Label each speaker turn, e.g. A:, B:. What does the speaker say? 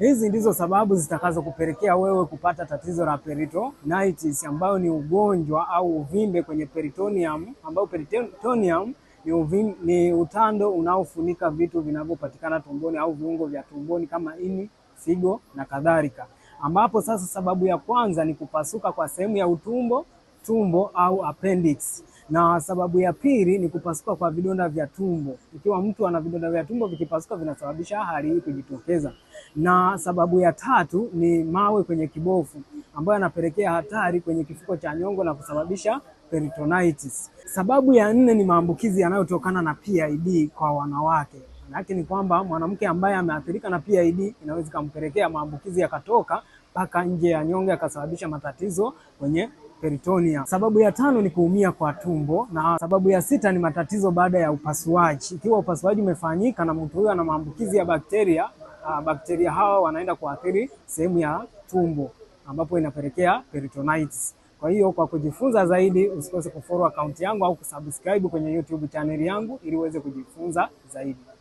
A: Hizi ndizo sababu zitakazokupelekea wewe kupata tatizo la peritonitis ambayo ni ugonjwa au uvimbe kwenye peritoneum, ambayo peritoneum ni, uvim, ni utando unaofunika vitu vinavyopatikana tumboni au viungo vya tumboni kama ini, figo na kadhalika, ambapo sasa sababu ya kwanza ni kupasuka kwa sehemu ya utumbo, tumbo au appendix na sababu ya pili ni kupasuka kwa vidonda vya tumbo. Ikiwa mtu ana vidonda vya tumbo vikipasuka, vinasababisha hali hii kujitokeza. Na sababu ya tatu ni mawe kwenye kibofu, ambayo yanapelekea hatari kwenye kifuko cha nyongo na kusababisha peritonitis. Sababu ya nne ni maambukizi yanayotokana na PID kwa wanawake. lakini kwamba mwanamke ambaye ameathirika na PID inaweza kumpelekea maambukizi yakatoka mpaka nje ya nyongo, yakasababisha matatizo kwenye peritonia. Sababu ya tano ni kuumia kwa tumbo, na sababu ya sita ni matatizo baada ya upasuaji. Ikiwa upasuaji umefanyika na mtu huyo ana maambukizi ya bakteria, ah, bakteria hawa wanaenda kuathiri sehemu ya tumbo ambapo inapelekea peritonitis. Kwa hiyo kwa kujifunza zaidi, usikose kufollow akaunti yangu au kusubscribe kwenye YouTube channel yangu ili uweze kujifunza zaidi.